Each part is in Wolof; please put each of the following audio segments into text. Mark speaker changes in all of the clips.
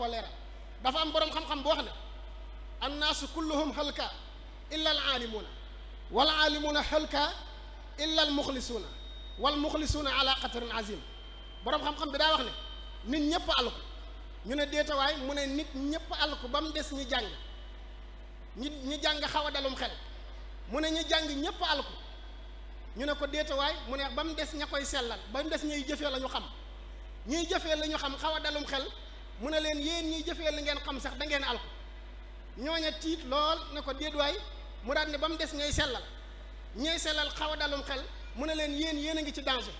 Speaker 1: koo leeral dafa am boroom xam-xam bu wax ne annaasu kulluhum halka illa al na wal aalimuuna halka illa al muxlisuuna wal muxlisuuna ala qatrin azim boroom xam-xam bi daa wax ne nit ñëpp alku ñu ne déetawaay mu ne nit ñëpp alku ba mu des jàng ñi ñi jàng xaw a dalum xel mu jàng ñëpp alku ñu ne ko déetawaay mu ne ba mu des ña koy sellal ba mu des ñuy jëfee la ñu xam ñuy jëfee la ñu xam xaw a dalum xel mu ne leen yéen ñiy jëfee li ngeen xam sax da ngeen alko ñooña tiit lool ne ko déedwaay mu daal ne ba mu des ñay sellal ñay sellal xaw a dalum xel mu ne leen yéen yéen a ngi ci danger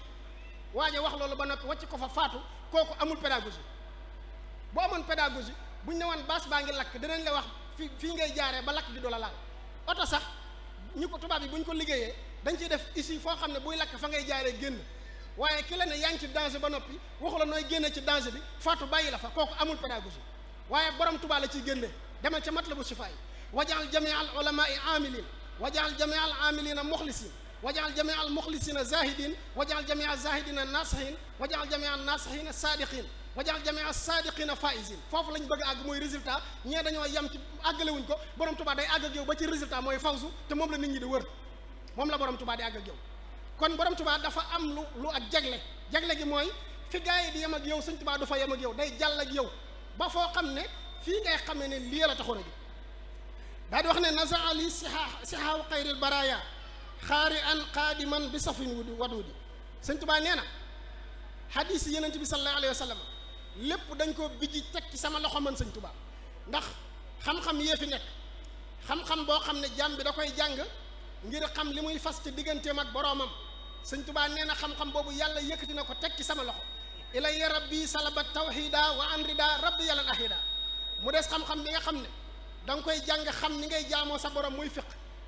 Speaker 1: waaye wax loolu ba noppi wàcc ko fa faatu kooku amul pédagogie bu amoon pédagogie buñ ne woon baas baa ngi lakk dinañ la wax fi fii ngay jaaree ba lakk gi du la laal oto sax ñu ko tubaab yi buñ ko liggéeyee dañ ciy def ici foo xam ne buy lakk fa ngay jaaree génn waaye ki la ne yaa ngi ci danger ba noppi waxu la nooy génne ci danger bi faatu bàyyi la fa kooku amul pédagogie waaye borom Tuubaa la ciy génne demal ca matlabu sifaay wajaal jamia al ulamaai amilin wajaal jamia al amilina muxlisin wajaal jamia al muxlisina zahidin wajaal jamia zahidina nasahin wajaal jamia nasahina saadiqin wajaal jamia saadiqina faisin foofu lañ bëgg a àgg mooy résultat ñee dañoo yem ci àggalewuñ ko borom Tuubaa day àgg ak yow ba ci résultat mooy fawsu te moom la nit ñi di wër moom la borom Tuubaa di àgg ak yow kon borom tubaa dafa am lu lu ak jagle jagle gi mooy fi gars di yem ak yow sëñ tubaa du fa yem ak yow day jàll ak yow ba foo xam ne fii ngay xamee ne lii la taxoon a wax ne nazaali siha sihaaw xayril baraya xaari bi safin wudi wadudi sëñ tubaa nee na xadiis yi yenent bi lépp dañ ko bijji teg ci sama loxo man sëñ tubaa ndax xam-xam yee fi nekk xam-xam boo xam ne jàmm bi da koy jàng ngir xam li muy fas ci digganteem ak boroomam sëñ tubaa nee na xam-xam boobu yàlla yëkkati na ko teg ci sama loxo ilay rabbi salaba tawhida wa anrida rabbi yàlla ahida mu des xam-xam bi nga xam ne da nga koy jàng xam ni ngay jaamoo sa borom muy fiq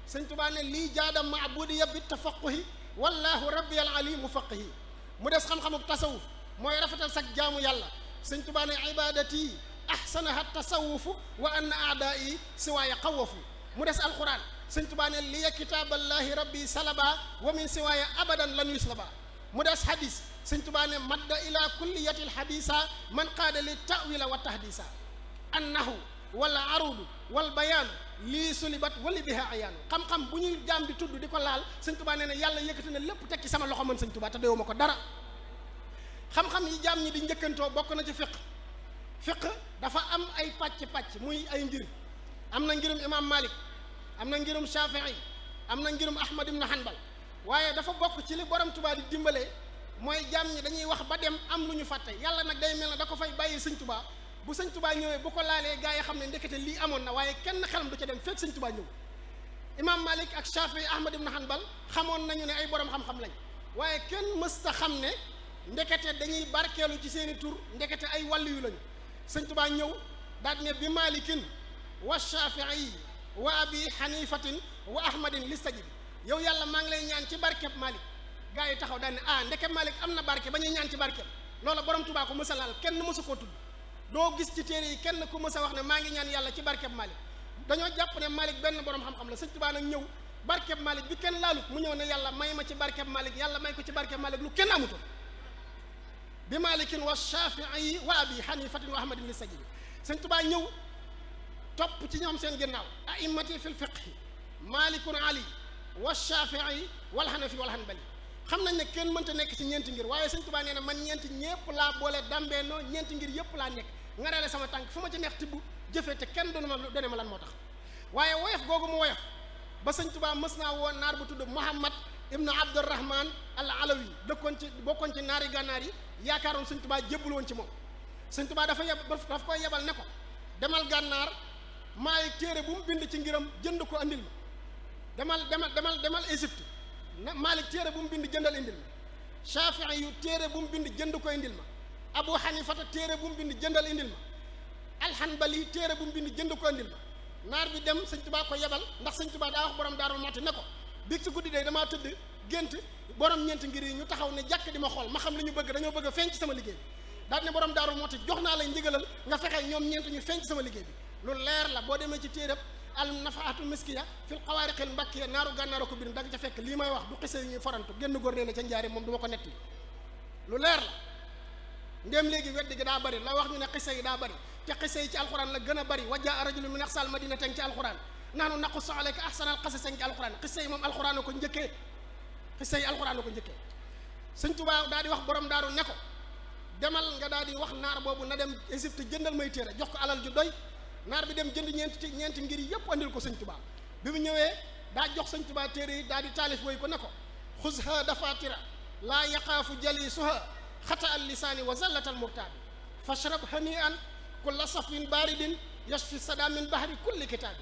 Speaker 1: sëñ tubaa ne lii jaada maabudiya bi tafaquhi wallahu rabbi al alimu faqihi mu des xam-xamu tasawuf mooy rafetal sag jaamu yàlla sëñ tubaa ne ibadati ahsanaha tasawufu wa anna aadaa'i siwaaya qawafu mu des alquran sëñ Tuubaa ne liya kitaaballahi rabbi salaba wa min siwaaya abadan lan yuslaba mu des hadis sëñ Tuubaa ne madda ila kulliyatil hadisa man qaada li tawila wa tahdisa annahu wala arudu wal bayaanu lii sulibat wali biha ayaanu xam-xam bu ñuy jaam di tudd di ko laal sëñ Tuubaa nee na yàlla yëkkati na lépp tekki sama loxo man sañ Tuubaa te doyuma ko dara xam-xam yi jaam ñi di njëkkantoo bokk na ci fiq fiq dafa am ay pàcc-pàcc muy ay ngir am na ngirum imaam Malik amna ngirum Shafii amna ngirum Ahmad ibn Hanbal waye dafa bok ci li borom tuba di dimbale moy jam ñi dañuy wax ba dem am luñu faté yàlla nak day mel ne da ko fay bàyyi seigne tuba bu seigne tuba ñëwé bu ko laalé gaay xamné ndekete li amon na waye kenn xalam du ci dem fek seigne tuba ñëw imam malik ak Shafii Ahmad ibn Hanbal xamone nañu ne ay borom xam-xam lañ waye kenn mësta xamné ndekete dañuy barkélu ci seeni tour ndekete ay walu yu lañ seigne tuba ñëw daal ne bi malikin wa Shafii wa abi xanifatin wa ahmadin listajib yow yàlla maa ngi lay ñaan ci barkeb malik gaa yi taxaw daal ne ah ndeke malik am na barke ba ñuy ñaan ci barkeb loola borom tubaa ko mësa laal kenn mësu koo tudd doo gis ci téere yi kenn ku mësa wax ne maa ngi ñaan yàlla ci barkeb malik dañoo jàpp ne malik benn borom xam-xam la sëñ tubaa nag ñëw barkeb malik bi kenn laalut mu ñëw ne yàlla may ma ci barkeb malik yàlla may ko ci barkeb malik lu kenn amutoon bi malikin wa shafii wa abi xanifatin wa ahmadin listajib sëñ tubaa ñëw topp ci ñoom seen ginnaaw a'immati fil fiqhi malikun ali wa shafii wal hanafi wal hanbali xam nañ ne kenn mënta nekk ci ñeenti ngir waaye sëñ Tuubaa nee na man ñeenti ñépp laa boole dambeenoo ñeenti ngir yépp laa nekk ngarale sama tànk fu ma ci neex tibb jëfee te kenn doonu ma done ma lan moo tax waaye woyof googu mu woyof ba sëñ Tuubaa mës naa woon naar bu tudd Muhammad ibnu Abdurrahman al alawi dëkkoon ci bokkoon ci naari gànnaar yi yaakaaroon sëñ Tuubaa jébbul woon ci moom sëñ Tuubaa dafa yeb daf ne ko demal gànnaar maay téere bu mu bind ci ngiram jënd ko andil ma demal demal demal demal Égypte na Maalik téere bu mu bind jëndal indil ma Shafii yu téere bu mu bind jënd ko indil ma Abu Xanifata téere bu mu bind jëndal indil ma Alxanbali téere bu mu bind jënd ko indil ma naar bi dem sëñ Tuubaa ko yebal ndax sëñ Tuubaa daa wax borom daarul mati ne ko biig ci guddi day damaa tëdd gént borom ñeenti ngir yi ñu taxaw ne jàkk di ma xool ma xam li ñu bëgg dañoo bëgg a feeñ ci sama liggéey bi daal ne borom jox naa lay ndigalal nga fexe ñoom ñeent ñu feeñ ci liggéey lu leer la boo demee ci téerab al nafaatul miskiya fil xawaariqil mbakkiya naaru gànnaara ko bind da nga ca fekk lii may wax du xise yi ñuy farantu génn góor nee na ca njaari moom du ko netti lu leer la ndéem léegi weddi gi daa bari la wax ñu ne xise yi daa bari te xise yi ci alxuraan la gën a bari wajaa rajulun min axsal madina ten ci alxuraan naanu naqussu alayka ahsanal qasas ci alxuraan xise yi moom alxuraan ko njëkkee xise yi alxuraan ko njëkkee sëñ Tuubaa daa di wax borom daaru ne ko demal nga daa di wax naar boobu na dem Égypte jëndal may téere jox ko alal ju doy nar bi dem jënd ñent ci ñent ngir yëpp andil ko sëñ tuba bi mu ñëwé da jox sëñ tuba téré da di talif way ko nako khuzha dafatira la yaqafu jalisuha khata al lisan wa zallat al murtaabi fashrab hani'an kull safin baridin yashfi sadam min bahri kull kitab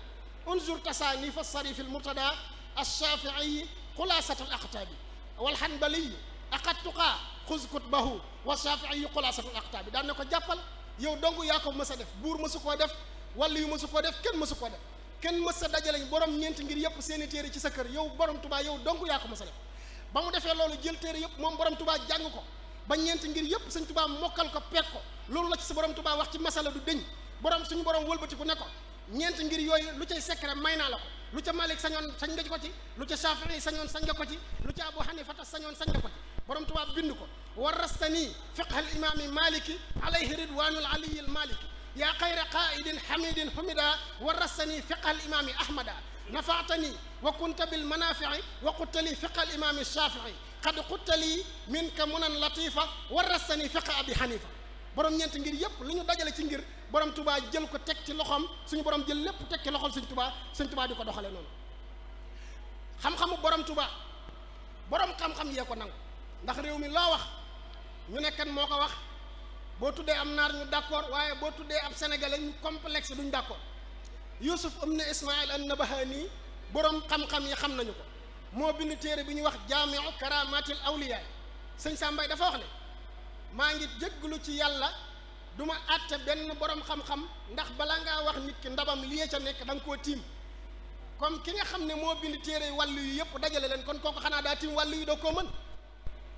Speaker 1: unzur tasaanifa sarifil murtada alshaafiiyi xulaasat al aqtaabi walhanbaliyi aqattuqaa xuz kutbahu wa shaafiiyi xulaasat al aqtaabi daan na ko jàppal yow dong yaa ko mës a def buur mësu koo def wala yu mësu koo def kenn mësu koo def kenn mës sa dajale borom ñeenti ngir yëpp seeni téere ci sa kër yow borom tubaa yow donc yaa ko mës a def ba mu defee loolu jël téere yëpp moom borom tubaa jàng ko ba ñeenti ngir yëpp sëñ tubaa mokkal ko peeg ko loolu la ci sa borom tubaa wax ci masala du dëñ borom suñu borom wëlbatiku ne ko ñeenti ngir yooyu lu cay secret may naa la ko lu ca Malik sañoon sañ nga ko ci lu ca Shafii sañoon sañ nga ko ci lu ca Abu Hanifata sañoon sañ nga borom tubaa bind ko warastani fiqhal imaami maliki alayhi ridwanul aliyil maliki يا خير قائد حميد حمدا ورثني فقه الإمام أحمد نفعتني وكنت بالمنافع وقلت لي فقه الإمام الشافعي قد قلت لي منك منا لطيفة ورثني فقه أبي حنيفة borom ñeent ngir yépp li ñu dajale ci ngir borom tubaa jël ko teg ci loxoom suñu borom jël lépp teg ci loxoom suñ tubaa suñ tubaa di ko doxale noonu xam-xamu borom tubaa borom xam-xam yee ko nangu ndax réew mi loo wax ñu ne kan moo ko wax boo tuddee am naar ñu d'accord waaye boo tuddee ab sénégalais ñu complexe duñ d'accord Yusuf ibn Ismaïl an nii borom xam-xam yi xam nañu ko moo bind téere bi ñuy wax jaamiu karamatil awliya sëñ Sambay dafa wax ne maa ngi jéggalu ci yàlla du ma àtte benn borom xam-xam ndax balaa ngaa wax nit ki ndabam li ca nekk da nga koo tiim comme ki nga xam ne moo bind téere wàllu yu yëpp dajale leen kon kooku xanaa daa tiim wàllu yu doo koo mën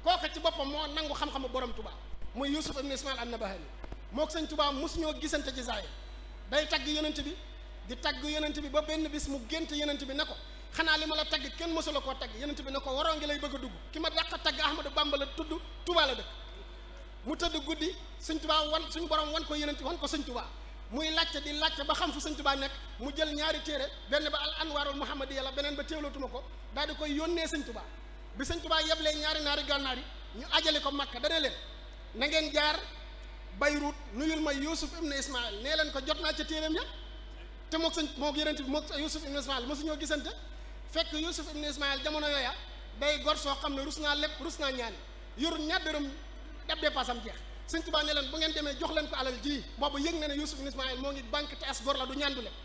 Speaker 1: kooku ci boppam moo nangu xam-xamu borom Tuubaa muy yusuf ibn ismail annabahani moo ko sëñ tubaa suñoo gisante ci zaay day tagg yonent bi di tagg yonent bi ba benn bis mu gént yonent bi ne ko xanaa li ma la tagg kenn mosula koo tagg yonent bi ne ko waroo ngi lay bëgg dugg ki ma dàq tagg ahmadu bamba la tudd tubaa la dëkk mu tëdd guddi sëñ tubaa wan suñ borom wan ko yonent wan ko sëñ tubaa muy laajte di laajte ba xam fu sëñ tubaa nekk mu jël ñaari téere benn ba al anwarul muhammadiya la beneen ba teewlootuma ko daal di koy yónnee sëñ tubaa bi sëñ tubaa yeblee ñaari naari gànnaar yi ñu ajale ko makka dana leen na ngeen jaar Bayrut nuyul ma Youssouf ibn Ismaïl nee leen ko jot naa ca téeréem ya te mook sëñ mook yonent bi mook Youssouf ibn Ismaïl mosuñoo gisante fekk Youssouf ibn Ismaïl jamono yooya day gor soo xam ne rus naa lépp rus naa ñaan yoru ñaar dërëm dab dépasse am jeex sëñ Tuubaa ne leen bu ngeen demee jox leen ko alal ji boobu yëg na ne Youssouf ibn Ismaïl moo ngi banque te as gor la du ñaan du lépp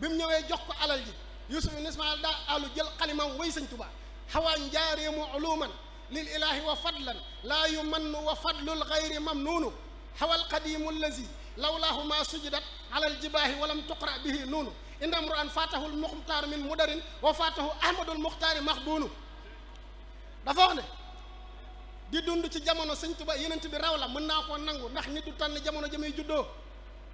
Speaker 1: bi mu ñëwee jox ko alal ji Youssouf ibn Ismaïl daa àllu jël xalimam way sëñ Tuubaa xawaa njaareemu uluman للإله وفضلا لا يمن وفضل الغير ممنون هو القديم الذي لولاه ما سجدت على الجباه ولم تقرأ به نون إن امرؤ فاته المختار من مدر وفاته أحمد المختار مخبون dafa wax ne di dund ci jamono sëñ Tuba yenent bi raw la mën naa koo nangu ndax nit du tànn jamono jëmee juddoo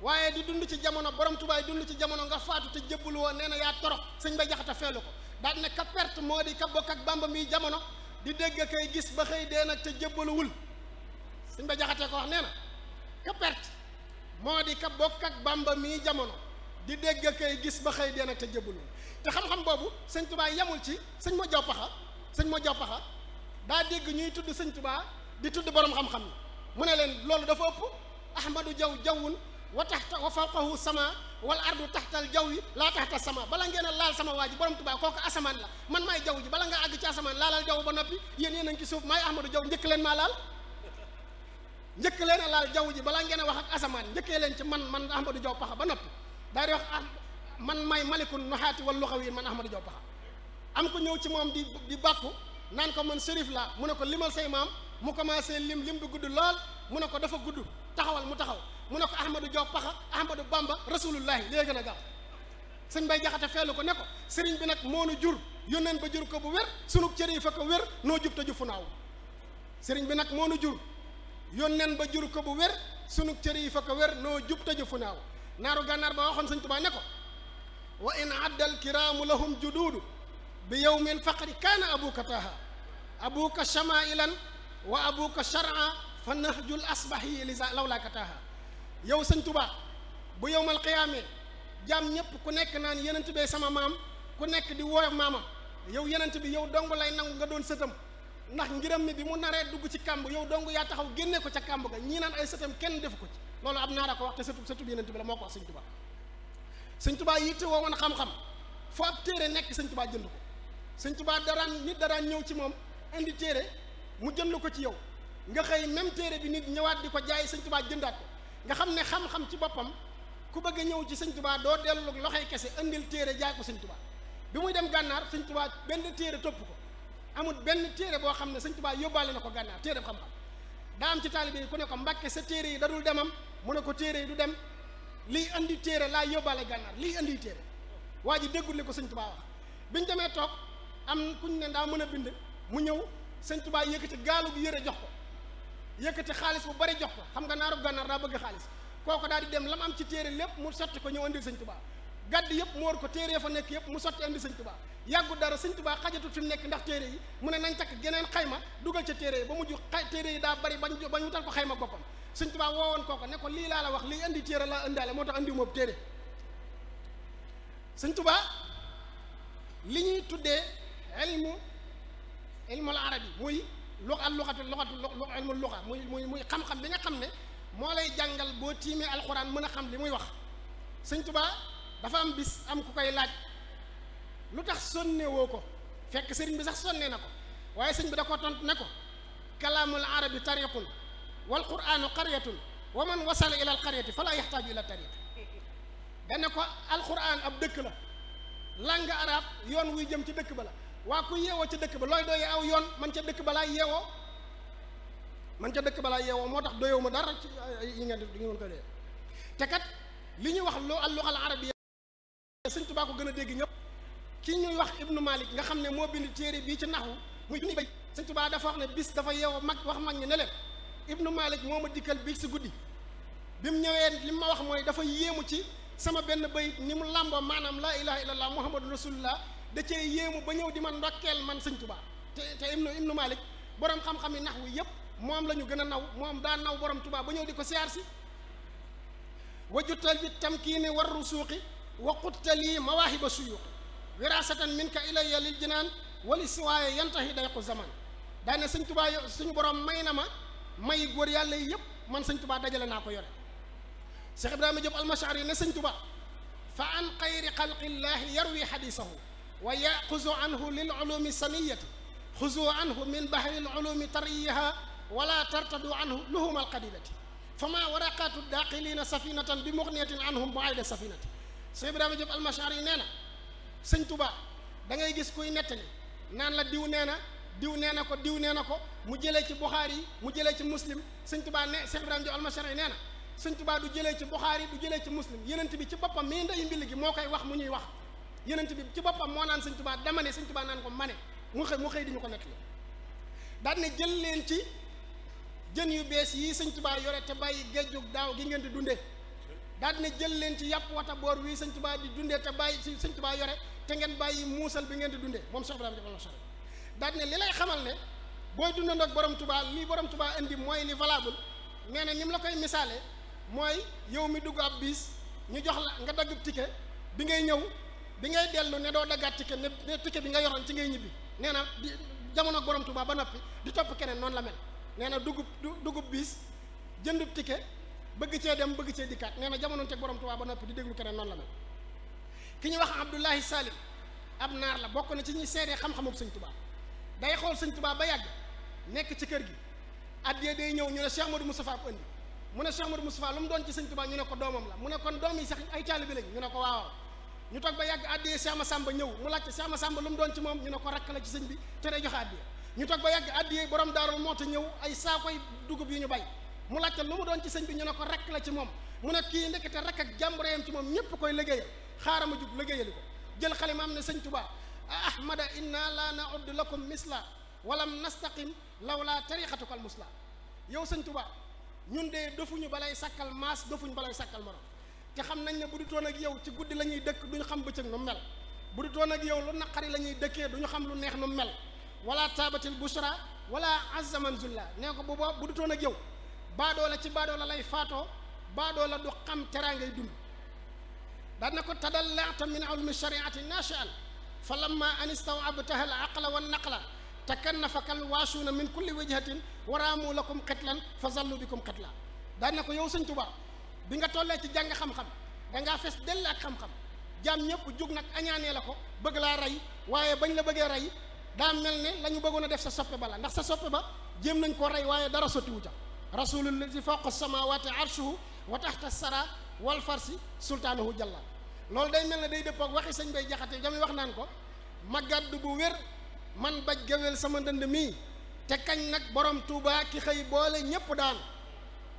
Speaker 1: waaye di dund ci jamono borom tubaay dund ci jamono nga faatu te jëbbul woon nee na yaa torox sëñ ba jaxata feelu ko daal ne ka perte moo di ka bokk ak bamba mi jamono di dégg kay gis ba xëy dee nag te jébbaluwul suñ ba jaxatee ko wax nee na ka moo di ka bokk ak bamba mii jamono di dégg kay gis ba xëy dee nag te jébbaluwul te xam-xam boobu sëñ tubaa yemul ci sëñ ma jow paxa sëñ ma jow paxa daa dégg ñuy tudd sëñ tubaa di tudd borom xam-xam mu ne leen loolu dafa ëpp ahmadu jaw jawwun wa taxta wa fawqahu sama wal ardu taxtal jaw yi laa taxta sama bala ngeen laal sama waa ji borom Tuubaa kooku asamaan la man maay jaww ji bala nga àgg ci asamaan laalal jaww ba noppi yéen yéen a ngi ci suuf maay Ahmadou Jaw njëkk leen maa laal njëkk leen laal jaww ji balaa ngeen a wax asamaan njëkkee leen ci man man Ahmadou Jaw paxa ba noppi daal di wax ah man may malikun nuxaati wal yi man Ahmadou Jaw paxa am ko ñëw ci moom di di bàkku naan ko man sérif la mu ne ko limal say maam mu commencé lim lim bi gudd lool mu ne ko dafa gudd taxawal mu taxaw mu ne ko Ahmadou Diop paxa Ahmadou Bamba rasulullahi léegi na a gaaw sëñ bay jaxate feelu ko ne ko sëriñ bi nag moo nu jur yónneen ba jur ko bu wér sunu cër yi fa ko wér noo jub te jufu naaw sëriñ bi nag moo nu jur yónneen ba jur ko bu wér cër yi fa ko wér noo jub gànnaar ba waxoon sëñ Tuubaa ne ko wa in addal kiraamu lahum juduudu bi yowmil faqri kaana abuka taaha abuka shamailan wa abuka shar'a fa nahjul asbahi lisa law laa kataaha yow sëñ tubaa bu yowmal xiyaamee jaam ñépp ku nekk naan yenent bee sama maam ku nekk di wooy maamam yow yenent bi yow dong lay nangu nga doon sëtam ndax ngiram mi bi mu naree dugg ci kàmb yow dong yaa taxaw génnee ko ca kàmb ga ñii naan ay sëtam kenn defu ko ci loolu ab naara ko wax te sëtu sëtub yenent bi la moo ko wax sëñ tubaa sëñ tubaa yitte woo woon xam-xam foo ab téere nekk sëñ tubaa jënd ko sëñ tubaa daraan daraan ñëw ci moom indi téere mu jënd ko ci yow nga xëy même téere bi nit ñëwaat di ko jaay sëñ tubaa jëndaat ko nga xam ne xam-xam ci boppam ku bëgg a ñëw ci sëñ tubaa doo dellu loxoy kese indil téere jaay ko sëñ tubaa bi muy dem gànnaar sëñ tubaa benn téere topp ko amul benn téere boo xam ne sëñ tubaa yóbbaale na ko gànnaar téere bu xam-xam daa am ci taalibe yi ku ne ko mbàkke sa téere yi dadul demam mu ne ko téere yi du dem lii andi téere laa yóbbaale gànnaar lii andi téere waa ji déggul ko sëñ tubaa wax demee toog am kuñ ne daa mën a bind mu ñëw sëñ tubaa yëkkati gaalu gi yëre jox ko yëkkati xaalis bu bari jox ko xam nga naaru gànnaar daa bëgg xaalis kooko daal di dem la mu am ci téere lépp mu sotti ko ñëw andil sëñ tubaa gàdd yëpp mu war ko téere fa nekk yëpp mu sotti andi sëñ tubaa yàggu dara sëñ tubaa xajatut fi mu nekk ndax téere yi mu ne nañ takk geneen xayma dugal ca téere yi ba mujj xay téere yi daa bari ba ñu wutal ko xayma boppam sëñ tubaa woon kooko ne ko lii laa la wax lii andi téere laa indaale moo tax andi moobu téere sëñ tubaa li ñuy tuddee ilmu ilmul arabi lu al luxatu luxatu ilmu luxa muy muy muy xam-xam bi nga xam ne moo lay jàngal boo tiimee alxuraan mën a xam li muy wax sëñ tubaa dafa am bis am ku koy laaj lu tax sonne woo ko fekk sëriñ bi sax sonne na ko waaye sëñ bi da ko tont ne ko kalaamul arabi tariqun wal quraanu qaryatun wa man wasala ila al qaryati fala yaxtaaju ila tariq dane ko alquran ab dëkk la langue arabe yoon wuy jëm ci dëkk ba la waa ku yeewoo ca dëkk ba looy doyee aw yoon man ca dëkk balaa laay yeewoo man ca dëkk balaa laay yeewoo moo tax doyewu ma dara ci yi di nga mën ko dee te kat li ñuy wax loo al luxal arabiya sëñ Tuubaa ko gën a dégg ñëpp ki ñuy wax ibnu malik nga xam ne moo bind téere bii ci naxu muy junni bay sëñ Tuubaa dafa wax ne bis dafa yeewoo mag wax mag ñu ne leen ibnu malik moo ma dikkal bi si guddi bi mu ñëwee li ma wax mooy dafa yéemu ci sama benn bayit ni mu làmboo maanaam laa ilaha illallah muhammadu rasulullah da cee yéemu ba ñëw di ma ndokkeel man sañ Tuubaa te te Ibnu Malik borom xam-xam yi nax wu yëpp moom la gën a naw moom daa naw borom Tuubaa ba ñëw di ko siyaar si wajutal bi tamkiini war rusuuqi wa quttalii mawaahiba suyuuqi wirasatan min ka ilayya lil jinaan wali siwaaye yantahi dayqu zaman daane sëñ Tuubaa suñu borom may na ma may góor yàlla yëpp man sëñ Tuubaa dajale naa ko yore Cheikh Ibrahima Diop al-Mash'ari ne sëñ Tuubaa fa an xayri xalqillaahi yarwi xadiisahu ويأخذ عنه للعلوم سنية خذوا عنه من بحر العلوم تريها ولا ترتدوا عنه لهم القديمة فما ورقات الداخلين سفينة بمغنية عنهم بعيد سفينة سيب رامي جب المشاري نانا سنتوبا دعني جس كوي نتني نان لا ديو نانا ديو نانا كو ديو نانا كو مجيلة بخاري مجيلة مسلم سنتوبا نه سيب رامي جب المشاري نانا سنتوبا دو جيلة بخاري دو جيلة مسلم ينتبي تبقى من ده يمبلغي موكاي وح مني وح yenent bi ci boppam moo naan sëñ tubaa dama ne sëñ tubaa naan ko mane mu xëy mu xëy di ñu ko nettali daan ne jël leen ci jën yu bees yii sëñ tubaa yore te bàyyi géejug daaw gi ngeen di dunde daal ne jël leen ci yàpp wata boor wii sëñ tubaa di dundee te bàyyi si sëñ tubaa yore te ngeen bàyyi muusal bi ngeen di dundee moom Cheikh Ibrahima defal na solo daal ne li lay xamal ne booy dundandoo ak borom tubaa lii borom tubaa indi mooy li valable nee na ni mu la koy misaale mooy yow mi dugg ab biis ñu jox la nga dagg ticket bi ngay ñëw bi ngay dellu ne doo daggaat ticket ne ne ticket bi nga yoroon ci ngay ñibbi nee na di jamono borom Tuuba ba noppi di topp keneen noonu la mel nee na dugub dugub biis jëndub ticket bëgg cee dem bëgg cee dikkaat nee na jamono teg borom Tuuba ba noppi di déglu keneen noonu la mel ki ñuy wax Abdullahi Salim ab naar la bokk na ci ñuy seedee xam-xamub sëñ Tuuba day xool sëñ Tuuba ba yàgg nekk ci kër gi addee day ñëw ñu ne Cheikh Modou Moustapha ko indi mu ne Cheikh Modou Moustapha lu mu doon ci sëñ Tuuba ñu ne ko doomam la ñu toog ba yàgg addiyee Cheikh Massamba ñëw mu laajte Cheikh Massamba lu mu doon ci moom ñu ne ko rakk la ci sëñ bi te day joxe addiye ñu toog ba yàgg addiyee borom daarul moo te ñëw ay saakoy dugub yu ñu bay mu laajte lu mu doon ci sëñ bi ñu ne ko rakk la ci moom mu ne kii ndekete rakk ak jàmbureeyam ci moom ñépp koy liggéeyal xaaral ma jug liggéeyali ko jël xalimaam ne sëñ Tuubaa ahmada inna la naodd lakum misla walam nastaqim law laa tariqatuka al musla yow sëñ Tuubaa ñun de dofuñu balay sàkkal maas dofuñu balay sàkkal morom te xam nañ ne bu dutoon ak yow ci guddi la dëkk duñu xam bëccëg nu mel bu dutoon ak yow lu naqari la dëkkee duñu xam lu neex nu mel wala tabatil busra wala azzaman zulla nee ko bu bu dutoon ak yow baadoo la ci baadoo la lay faatoo baadoo la du xam teraangay dund daan na ko tadallaata min awlmi shariati nachian fa lamma an istawabtaha al aqla wa naqla takannafa kal waasuuna min kulli wijhatin waraamu lakum xitlan fa bikum xitla daan na ko yow sëñ Tuubaa bi nga tolé ci jang xam-xam nga fess del ak xam-xam nak ñëpp juk nak añaanee la ko bëgg la ray waye bañ la ray da ne la def sa soppe ba la ndax sa soppe ba jëm nañ ko ray waye dara wu ca rasulullazi faqa samawati arshuhu wa tahta sara wal farsi sultanuhu jalla Lol day mel day depp ak waxi señ bay jaxate jamuy wax naan ko magad bu wér man baj gawel sama ndënd mi te kañ nak borom touba ki xey boole daan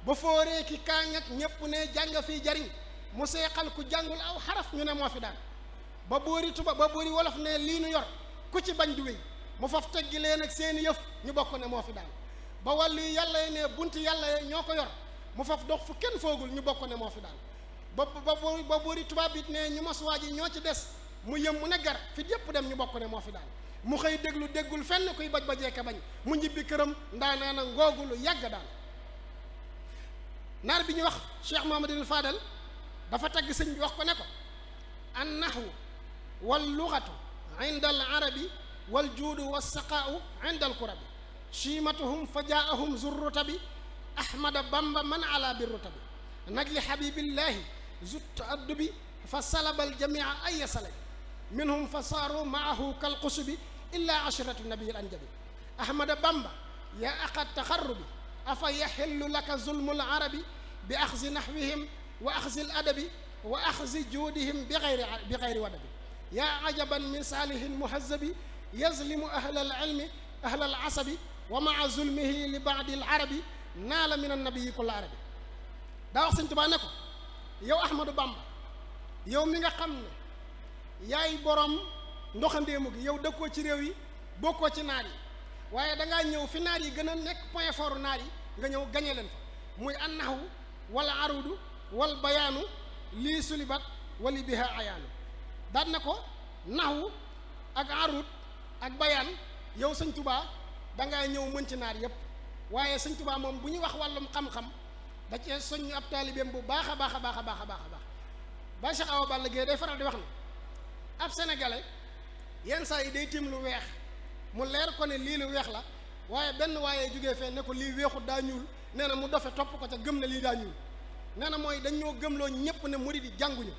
Speaker 1: ba fóoree ki kaañ ak ñépp ne jàng fii jariñ mu seexal ku jàngul aw xaraf ñu ne moo fi daan ba boori tuba ba boori wolof ne lii nu yor ku ci bañ du wéy mu faf teggi leen ak seeni yëf ñu bokk ne moo fi daan ba wàllu yi yàlla ne bunti yàlla ñoo ko yor mu faf dox fu kenn foogul ñu bokk ne moo fi daan ba ba ba boori tubaab it ne ñu mos ji ñoo ci des mu yëm mu ne gar fi yépp dem ñu bokk ne moo fi daan mu xëy déglu déggul fenn kuy baj bajee ka bañ mu ñibbi këram ndaanaana na ngoogulu yàgg daal naar bi ñu wax cheikh mahamadul fadal dafa tagg sëñ bi wax ko ne ko an nahwu wal lughatu inda al arabi wal juudu wa saqaau inda al kurabi chiimatuhum fa jaahum zurrutabi ahmada bamba man ala birrutabi najli habibillahi zut addubi fa salaba aljamia aya salab minhum fa saaru maahu kalqusubi illa ashratu nabi al anjabi ahmada bamba ya aqa taxarrubi afa yaxillu laka zulmu al arabi باخذ نحوهم واخذ الادب واخذ جودهم بغير بغير ودب يا عجبا من صالح مهذب يظلم اهل العلم اهل العصب ومع ظلمه لبعض العرب نال من النبي كل عربي دا وخ سنتو نكو يو احمد بام يو ميغا خامن ياي بوروم ندوخاندي موغي يا دكو سي ريوي بوكو سي ناري وايي داغا نييو في ناري غنا نيك بوين فور ناري غا نييو غاني لن فا موي انحو wal arudu wal bayaanu lii sulibat wali biha ayaanu daan na ko naxwu ak arud ak bayaan yow sëñ tubaa dangaa ñëw mën ci naar yépp waaye sëñ tubaa moom bu ñuy wax wàllum xam-xam da cee soññ ab taalibeem bu baax a baax a baax a baax a baax a baax ba Cheikh Awa Balla Gaye day faral di wax ne ab sénégalais yenn saa yi day tiim lu weex mu leer ko ne lii lu weex la waaye benn waaye jógee fee ne ko lii weexut daa ñuul nee na mu dofe topp ko ca gëm ne lii daa ñuul nee na mooy dañoo gëmloo ñépp ne murid yi jànguñu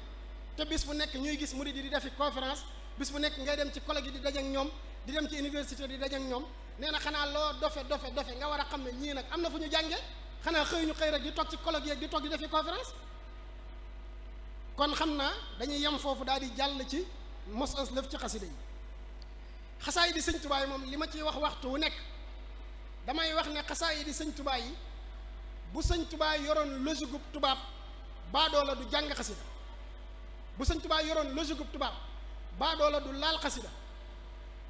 Speaker 1: te bis bu nekk ñuy gis murid yi di defi conférence bis bu nekk ngay dem ci collège yi di daje ak ñoom di dem ci université di daje ak ñoom nee na xanaa loo dofe dofe dofe nga war a xam ne ñii nag am na fu ñu jàngee xanaa xëy ñu xëy rek di toog ci collège di toog di defi conférence kon xam naa dañuy yem foofu daal di jàll ci mos ans lëf ci xasida yi xasaa yi di sëñ tubaay moom li ma ciy wax waxtu wu nekk damay wax ne xasaa yi di sëñ tubaay yi bu sëñ tubaa yoroon logique gu tubaab baadoola du jàng xasida bu sëñ tubaa yoroon logique gu tubaab baadoola la du laal xasida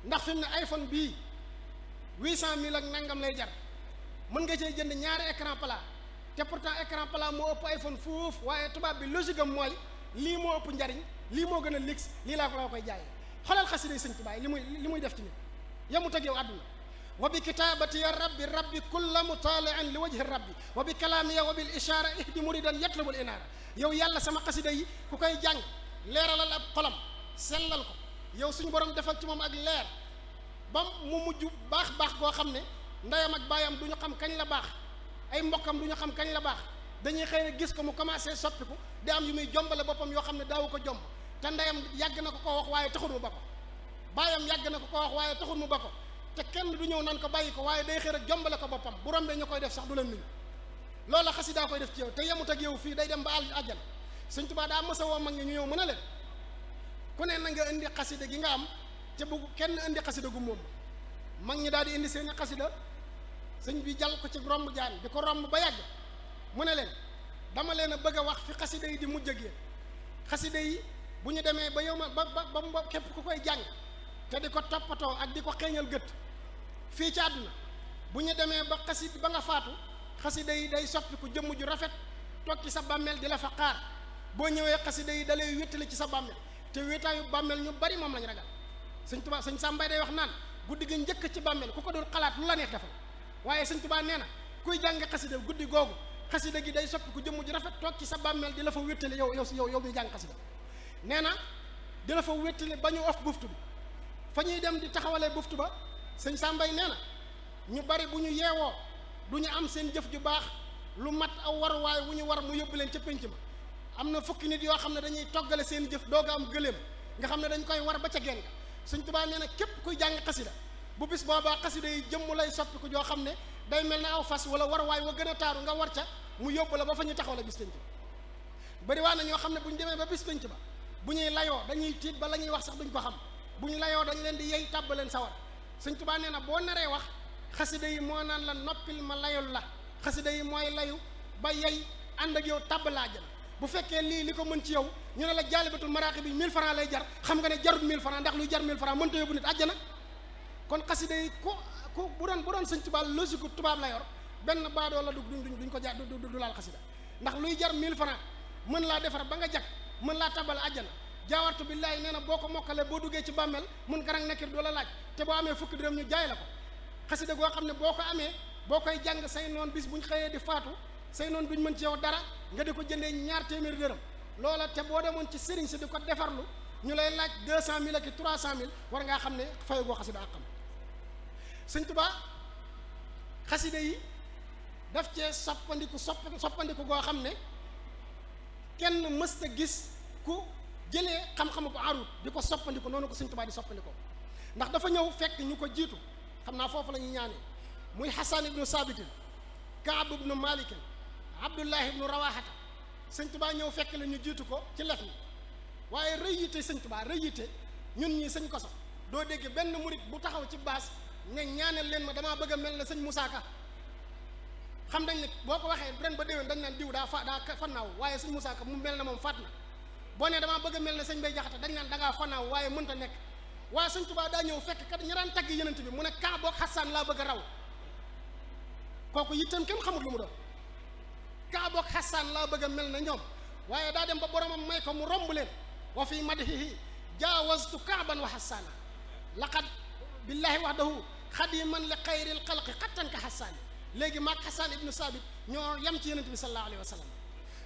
Speaker 1: ndax fi mu ne iPhone bii huit cent mill ak nangam lay jar mën nga cee jënd ñaari écran plat te pourtant écran plat moo ëpp iPhone fuuf waaye tubaab bi logique am mooy lii moo ëpp njariñ lii moo gën a lix lii laa ko la koy jaayee xoolal xasida yi sëñ tubaa yi li muy li muy def ci nit yemu teg yow àdduna وبكتابتي يا ربي ربي كل مطالع لوجه الرب وبكلامي وبالإشارة اهدي مريدا يطلب الإنارة yow yàlla sama xasida yi ku koy jàng leeralal ab xolam sellal ko yow suñu borom defal ci moom ak leer ba mu mujj baax baax goo xam ne ndeyam ak baayam du ñu xam kañ la baax ay mbokkam du ñu xam kañ la baax dañuy xëy na gis ko mu commencé soppiku di am yu muy jombale boppam yoo xam ne daawu ko jomb te ndeyam yàgg na ko ko wax waaye taxul mu ba ko baayam yàgg na ko ko wax waaye taxul mu ba ko te kenn du ñëw nan ko bàyyi ko waaye day xëy rek jombale ko boppam bu rombee ñu koy def sax du la nuyu loola xasidaa koy def ci yow te yemut ak yow fii day dem ba àll àjjana sëñ Tuubaa daa mës a woo mag ñi ñu ñëw mën a leen ku ne na nga indi xasida gi nga am te kenn indi xasida gu moom mag ñi daal di indi seen i xasida sëñ bi jàll ko ci romb jaan di ko romb ba yàgg mu ne leen dama leen a bëgg a wax fi xasida yi di mujj ak yéen xasida yi bu ñu demee ba yow ma ba ba ba képp ku koy jàng te di ko toppatoo ak di ko xeeñal gët fii ci àdduna bu ñu demee ba xasid ba nga faatu xasida yi day soppiku jëmm ju rafet toog ci sa bàmmeel di la fa xaar boo ñëwee xasida yi dalay wéttali ci sa bàmmeel te wéetaayu bàmmeel ñu bari moom lañ ragal sëñ tubaa sëñ sàmbay day wax naan guddi gi njëkk ci bàmmeel ku ko doon xalaat lu la neex defal waaye sëñ tubaa nee na kuy jàng xasida guddi googu xasida gi day soppiku jëmm ju rafet toog ci sa bàmmeel di la fa wéttali yow yow si yow yow muy jàng xasida nee na di la fa wéttali ba ñu of buftu bi fa ñuy dem di taxawalee buftu ba sëñ sàmbay nee na ñu bari bu ñu yeewoo du ñu am seen jëf ju baax lu mat aw waruwaay wu ñu war mu yóbbu leen ca pénc ma am na fukki nit yoo xam ne dañuy toggale seen jëf doog a am gëléem nga xam ne dañ koy war ba ca genn suñ tubaa nee na képp kuy jàng xasida bu bis boobaa xasida yi jëmm lay ko joo xam ne day mel ne aw fas wala waruwaay wa gën a taaru nga war ca mu yóbbu la ba fa ñu taxaw la bis pénc ba bëri waa ñoo xam ne bu ñu demee ba bu ñuy layoo dañuy tiit ba la ñuy wax sax duñ ko xam bu ñu layoo dañ leen di yey tàbbaleen sawar sëñ tubaa nee na boo naree wax xasida yi moo naan la noppil ma layul la xasida yi mooy layu ba yey ànd ak yow tàbb laa bu fekkee lii li ko mën ci yow ñu ne la jaalibatul maraqi bi 1000 francs lay jar xam nga ne jarut 1000 francs ndax luy jar 1000 francs mënta yóbbu nit àjjana kon xasida yi ku ku bu doon bu doon sëñ tubaa logique tubaab la yor benn baadoo la du duñ duñ ko jaar du laal xasida ndax luy jar 1000 francs mën laa defar ba nga jag mën laa tabal àjjana jaawartu billaay nee na boo ko mokkalee boo duggee ci bàmmeel mun karang nekkir doo la laaj te boo amee fukki dërëm ñu jaay la ko xasida goo xam ne boo ko amee boo koy jàng say noon bis buñ xëyee di faatu say noon duñ mën ci yow dara nga di ko jënde ñaar téeméeri dërëm loola te boo demoon ci sëriñ si di ko defarlu ñu lay laaj deux cent mille ak trois cent war ngaa xam ne fayu goo xasida àqam sëñ Tuubaa xasida yi daf cee soppandiku sopp soppandiku goo xam ne kenn mësta gis ku jëlee xam-xamu bu arut di ko soppandiku noonu ko Sëñ Tuubaa di soppandiku ndax dafa ñëw fekk ñu ko jiitu xam naa foofu la ñuy ñaanee muy Xasan ibnu Saabitin Kaab ibnu Malikin Abdullahi ibnu Rawaxata Sëñ Tuubaa ñëw fekk la ñu jiitu ko ci lef mi waaye rëyyite Sëñ Tuubaa rëyyite ñun ñii sëñ ko koso doo déggee benn murit bu taxaw ci baas ne ñaanal leen ma damaa bëgg a mel na sëñ musaa Ka xam dañ ne boo ko waxee ren ba déwén dañ naan diw daa fa daa fannaaw waaye sëñ Moussa Ka mu mel na moom faat boo ne damaa bëgg a mel ne sëñ bay jaxate dañ naan da ngaa fanaaw waaye mënta nekk waaye sëñ tubaa daa ñëw fekk ka ñi daan tagg yenent bi mu ne kaa boog xasaan laa bëgg a raw kooku yittam kenn xamut lu mu doon kaa boog bëgg a mel ne ñoom waaye daa dem ba boromam may ko mu romb leen wa fi madhihi jaawastu kaaban wa xasaana laqad billaahi wahdahu xadiman li xayril xalqi xattan ka xasaani léegi maag xasaan ibnu saabit ñoo yem ci yenent bi sallallahu alayhi wa sallam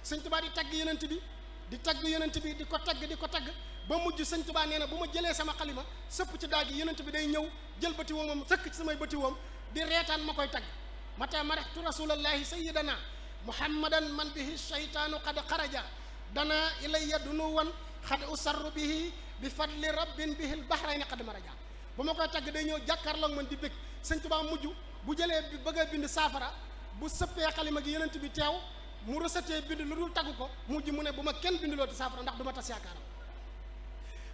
Speaker 1: sëñ tubaa di tagg yenent bi di tagg yonent bi di ko tagg di ko tagg ba mujj sëñ Tuubaa nee na bu ma jëlee sama xalima sëpp ci daaj yi yonent bi day ñëw jël bëti woomam sëkk ci samay bëti woom di reetaan ma koy tagg mata marextu rasulallaahi sayidana muhammadan man bihi shaytaanu qad xaraja dana ilayya dunuwan xad usarru bihi bi fadli rabbin bihi lbahrayni qad maraja bu ma koy tagg day ñëw jàkkaarloog man di bëgg sëñ Tuubaa mujj bu jëlee bi bëgg a bind saafara bu sëppee xalima gi yonent bi teew mu reseté bind lu dul tagg ko mujj mu ne bu ma kenn bind looti saafara ndax du ma tas yaakaaram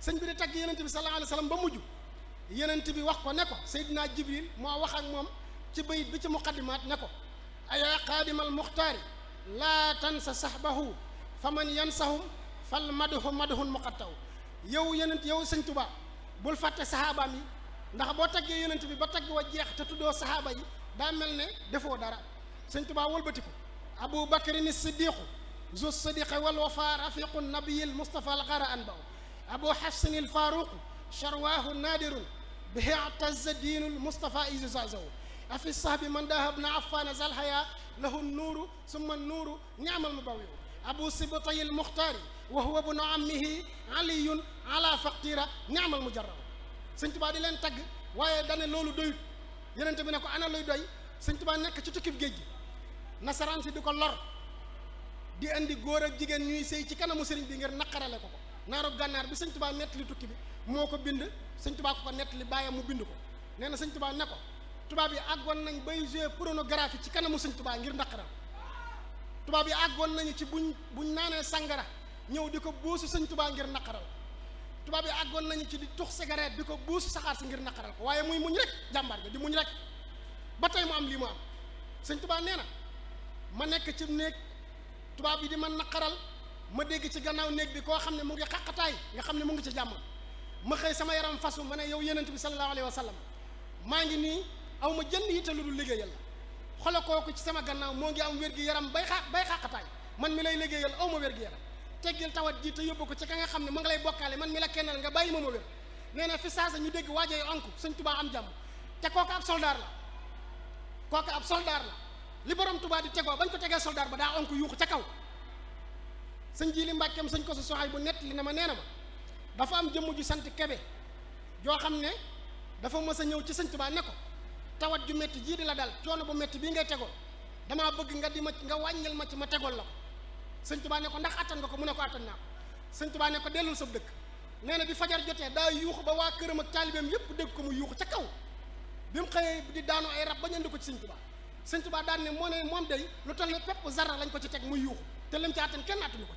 Speaker 1: sëñ bi di tagg yenent bi sallallahu alayhi wa sallam ba mujj yenent bi wax ko ne ko Seydina Jibril moo wax ak moom ci bayit bi ci muqaddimaat ne ko ayaa qaadimal muxtaari laa tansa sahbahu fa man yansahum fal maduhu maduhun muqattaw yow yenent yow sëñ Tuba bul fàtte saxaabaam yi ndax boo taggee yenent bi ba tagg wa jeex te tuddoo saxaaba yi daa mel ne defoo dara sëñ Tuba wëlbati أبو بكر الصديق ذو الصديق والوفاء رفيق النبي المصطفى الغرى أنبأ أبو حسن الفاروق شرواه النادر به اعتز الدين المصطفى إذ زازو أفي الصحب من ذهب ابن عفان ذا له النور ثم النور نعم المبوئ أبو سبطي المختار وهو ابن عمه علي على فقيرة نعم المجرب سنت tubaa di leen tagg waaye dane loolu doyut yenente bi ne ko ana luy doy sëñ tubaa nekk ci tukkib nasaraan si di ko lor di indi góor ak jigéen ñuy sëy ci kanamu sëriñ bi ngir naqarale ko ko naaru gànnaar bi sëñ tubaa nettali tukki bi moo ko bind sëñ tubaa ko ko li bàyyam mu bind ko neena na sëñ tubaa ne ko tubaab yi àggoon nañ bay jouer pornographie ci kanamu sëñ tubaa ngir naqaral tubaab yi àggoon nañu ci buñ buñ naanee sàngara ñëw di ko buusu sëñ tubaa ngir naqaral tubaab yi àggoon nañu ci di tux cigarette di ko buusu saxaar si ngir naqaral ko waaye muy muñ rek jàmbaar gi di muñ rek ba tey mu am lii mu am sëñ ma nekk ci néeg tubaab yi di man naqaral ma dégg ci gannaaw néeg bi koo xam ne mu ngi xaqataay nga xam ne mu ngi ci jàmm ma xëy sama yaram fasu ma ne yow yenent bi sallallahu alayhi wa sallam maa ngi nii aw ma jënd yitte lu dul liggéeyal la xoolal kooku ci sama gannaaw moo ngi am wér gi bay xa bay xaqataay man mi lay liggéeyal aw ma wér gi yaram teggil tawat ji te yóbbu ko ci ka nga xam ne ma nga lay bokkaale man mi la kennal nga bàyyi ma ma wér nee na fi saasa ñu dégg waajee onk sëñ tubaa am jàmm te kooku ab soldaar la kooku ab soldaar la li borom tubaa di tegoo bañ ko tegee soldaar ba daa onk yuuxu ca kaw sëñ ji li mbàkkeem sañ ko sa soxaay bu nett li ne ma nee ma dafa am jëmm ju sant kebe joo xam ne dafa mës a ñëw ci sëñ Tuubaa ne ko tawat ju metti jii di la dal coono bu metti bii ngay tegoo damaa bëgg nga di ma nga wàññil ma ci ma tegool la ko sëñ Tuubaa ne ko ndax attan nga ko mu ne ko attan naa ko sëñ Tuubaa ne ko dellul sa dëkk nee na bi fajar jotee daa yuuxu ba waa këram ak taalibeem yépp dégg ko mu yuuxu kaw bi mu xëyee di daanu ay rab bañ andi ko ci sëñ Tuubaa sëñ Tuubaa daan ne moo ne moom day lu toll ne pepp zarra lañ ko ci teg mu yuuxu te lim ci attan kenn attanu ko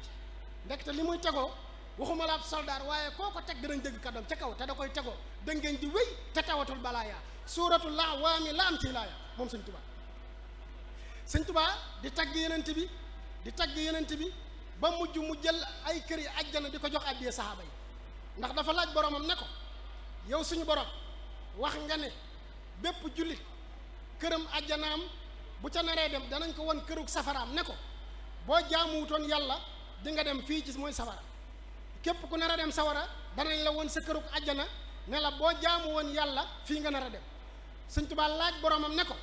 Speaker 1: ci te li muy tegoo waxuma la ab soldaar waaye koo ko teg danañ dégg kàddoom ca kaw te da koy tegoo da ngeen di wéy tawatul balaaya suuratul la waami la am ci laaya moom sëñ Tuubaa di tagg yenent bi di tagg yenent bi ba mujj mu jël ay kër yi ajjana di ko jox addiyee saxaaba yi ndax dafa laaj boromam ne ko yow suñu borom wax nga ne bépp jullit këram ajjanaam bu ca naree dem danañ ko won kërug safaraam ne ko boo jaamuwutoon yàlla di nga dem fii ci mooy safara képp ku nar a dem sawara danañ la woon sa kërug ajjana ne boo jaamu woon yàlla fii nga nar a dem Sëñ Tuubaa laaj boromam ne ko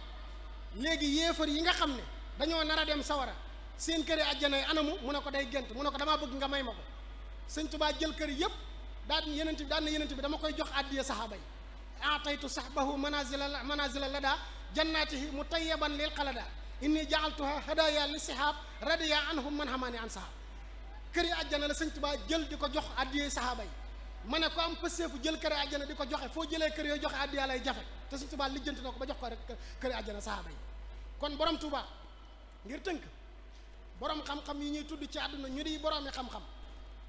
Speaker 1: léegi yéefar yi nga xam ne dañoo nar a dem sawara seen këri ajjana yi anamu mu ne ko day gént mu ne ko damaa bëgg nga may ma ko Sëñ Tuubaa jël kër yëpp daan yenent bi daan na bi dama koy jox àddiya saxaaba yi ataytu sahbahu manazila manazila la daa jannatihi mu tayyaban lil xalada inni jaaltuha hadaya li sihab radiya anhum man xamaani an sahab këri àjjana la sëñ tubaa jël di ko jox addiyee sahaaba yi ma ne ko am pësseefu jël këri àjjana di ko joxe foo jëlee kër yooyu joxe addiya lay jafe te sëñ Tuubaa lijjanti na ko ba jox ko rek këri àjjana sahaaba yi kon borom Tuubaa ngir tënk borom xam-xam yi ñuy tudd ci àdduna ñu di boroomi xam-xam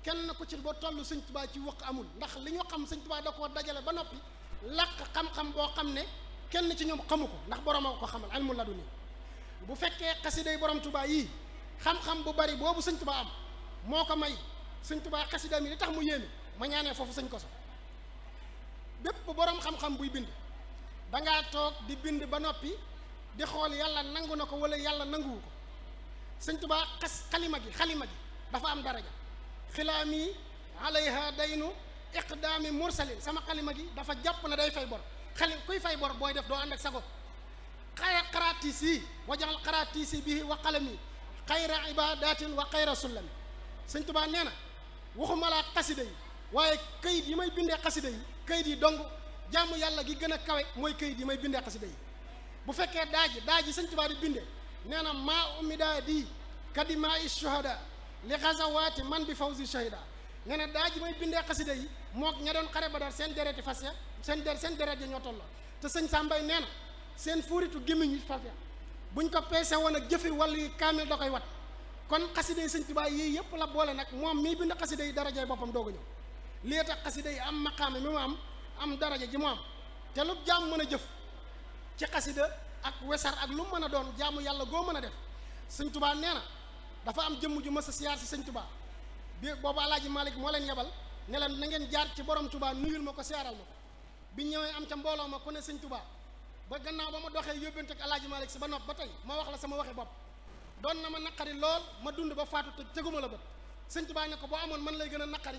Speaker 1: kenn ku ci ba toll sëñ Tuubaa ci wax amul ndax li ñu xam sëñ Tuubaa da koo dajale ba noppi làq xam boo xam ne kenn ci ñom xamuko ndax borom a ko xamal almu laduni bu fekke qasida borom tuba yi xam-xam bu bari bobu sëñ tuba am moko may sëñ tuba qasida mi li tax mu yéeme ma ñane fofu sëñ ko so bépp borom xam-xam buy bind da nga tok di bind ba nopi di xol yalla nangu nako wala yalla nangu ko tuba qas khalima gi khalima gi dafa am daraja khilami alayha daynu mursalin sama khalima gi dafa japp na day fay borom xale kuy fay bor booy def doo ànd ak sago xay xaraatiis yi wajaxal xaraatiis yi bii wa xalami xayra ibadatin wa xayra sullami sëñ tubaa nee na waxuma laa xasida yi waaye kayit yi may bindee xasida yi kayit yi dong jàmm yàlla gi gën a kawe mooy kayit yi may bindee xasida yi bu fekkee daaji daaji sëñ tubaa di binde nee na maa umidaa di kadima i shuhada li xasawaati man bi fawzi shahida nee na daaji may bindee xasida yi moo mook ña doon xare badar seen dereti fas ya seen der seen deret yi ñoo tolloo te sëñ Sambay nee na seen fuuritu gémmiñ yi faf ya buñ ko peese woon ak jëfi wàll yi kaamil da koy wat kon xasida yi sëñ Tuubaa yii yëpp la boole nag moom mii bind xasida yi daraja boppam doog a ñëw tax xasida yi am maqaame mi mu am am daraja ji mu am te lu jaam mën a jëf ci xasida ak wesar ak lu mën a doon jaamu yàlla goo mën a def sëñ Tuubaa nee na dafa am jëmm ju mës a siyaar si sëñ Tuubaa bi boobu Alaaji Malik moo leen yebal ne leen na ngeen jaar ci borom Tuubaa nuyul ma ko siyaaral ma bi ñëwee am ca mbooloo ma ku ne sëñ Tuubaa ba gannaaw ba ma doxee yóbbante ak alaaji Malik si ba nopp ba tey ma wax la sama waxe bopp doon na ma naqari lool ma dund ba faatu te teguma la ba sëñ Tuubaa ne ko boo amoon man lay gën a naqari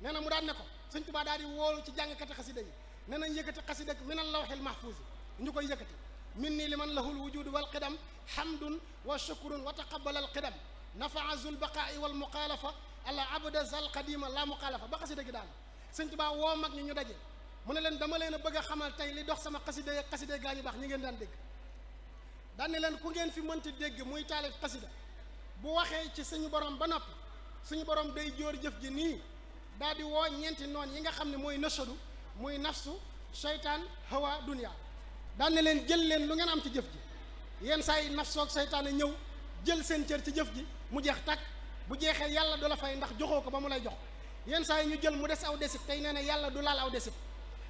Speaker 1: nee na mu daan ne ko sëñ Tuubaa daal di woolu ci jàngkati xasida yi nee nañ yëkkati xasida ak minal lawhil mahfuuz ñu koy yëkkati min nii li man lahul wujudu wal qidam hamdun wa shukrun wa taqabbalal qidam nafaa zul baqaa'i wal muxaalafa ala abda zal qadima la muxaalafa ba xasida gi daal sëñ Tuubaa woo mag ñi ñu daje mu ne leen dama leen a bëgg xamal tey li dox sama xasida ya xasida gaa ñu baax ñi ngeen daan dégg daan ne leen ku ngeen fi mënti dégg muy taalif xasida bu waxee ci suñu borom ba nopp suñu borom day jóor jëf ji nii daal di woo ñeenti noon yi nga xam ne mooy nësadu muy nafsu seytaan hawa dunia daan leen jël leen lu ngeen am ci jëf ji yenn saa yi nafsu ak seytaane ñëw jël seen cër ci jëf ji mu jeex takk bu jeexee yàlla du la fay ndax joxoo ko ba mu lay jox yenn saa yi ñu jël mu des aw desit tey nee na yàlla du laal aw desit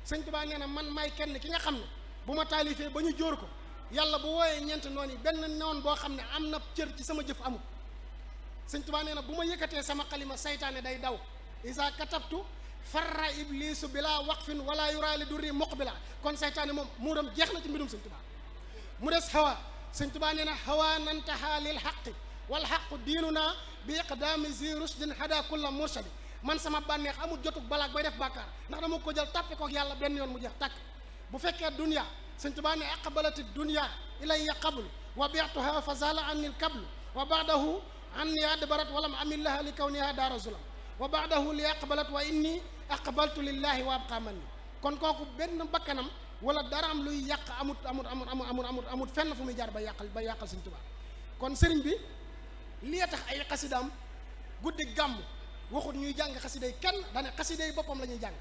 Speaker 1: sëñ Tuubaa nee na man maay kenn ki nga xam ne bu ma taalifee ba ñu jóor ko yàlla bu wooyee ñeenti noon yi benn noon boo xam ne am na cër ci sama jëf amul sëñ Tuubaa nee na bu ma yëkkatee sama xalima saytaane day daw isa katabtu farra iblisu bila waqfin wala yuraali durri muqbila kon saytaane moom muuram jeex na ci mbirum sëñ Tuubaa mu des xawa sëñ Tuubaa nee na xawa nantaha lil xaqi wal xaqu diinuna bi iqdaami zi rusdin hada kulla mursali man sama banex amul jotug balak bay def bàkkaar ndax dama ko jël ko ak yalla ben yon mu jeex tak bu fekke dunia seigne touba ne aqbalati dunia ilayya qabl wa bi'tuha fa zala anil qabl wa ba'dahu anni adbarat amil amillaha li kawniha daara wa ba'dahu li aqbalat wa inni aqbaltu lillahi wa abqa manni kon koku ben bakkanam wala dara am luy yak amut amut amut amut amut amut amut fenn fumuy jar ba yakal ba yakal seigne touba kon sëriñ bi li tax ay qasidam guddi gamu waxut ñuy jàng xasiday kenn dane xasiday boppam la ñuy jàng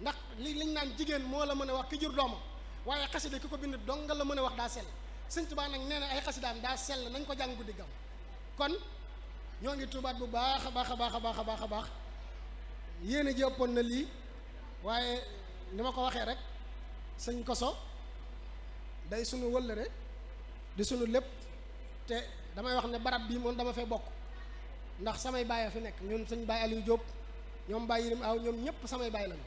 Speaker 1: ndax li liñ naan jigéen moo la mën a wax ki jur doomam waaye xasida ki ko bind dong nga la mën a wax daa sell sëñ Tuubaa nag nee na ay xasidaam daa sell nañ ko jàng guddi gam kon ñoo ngi tuubaat bu baax a baax a baax a baax a baax a baax yéen a jëppoon na lii waaye ni ma ko waxee rek sëñ Koso day sunu wëllëre di sunu lépp te damay wax ne barab bii moom dama fee bokk ndax samay baay a fi nekk ñun suñ baay Aliou Diop ñoom baay Yirim aw ñoom ñëpp samay baay lañu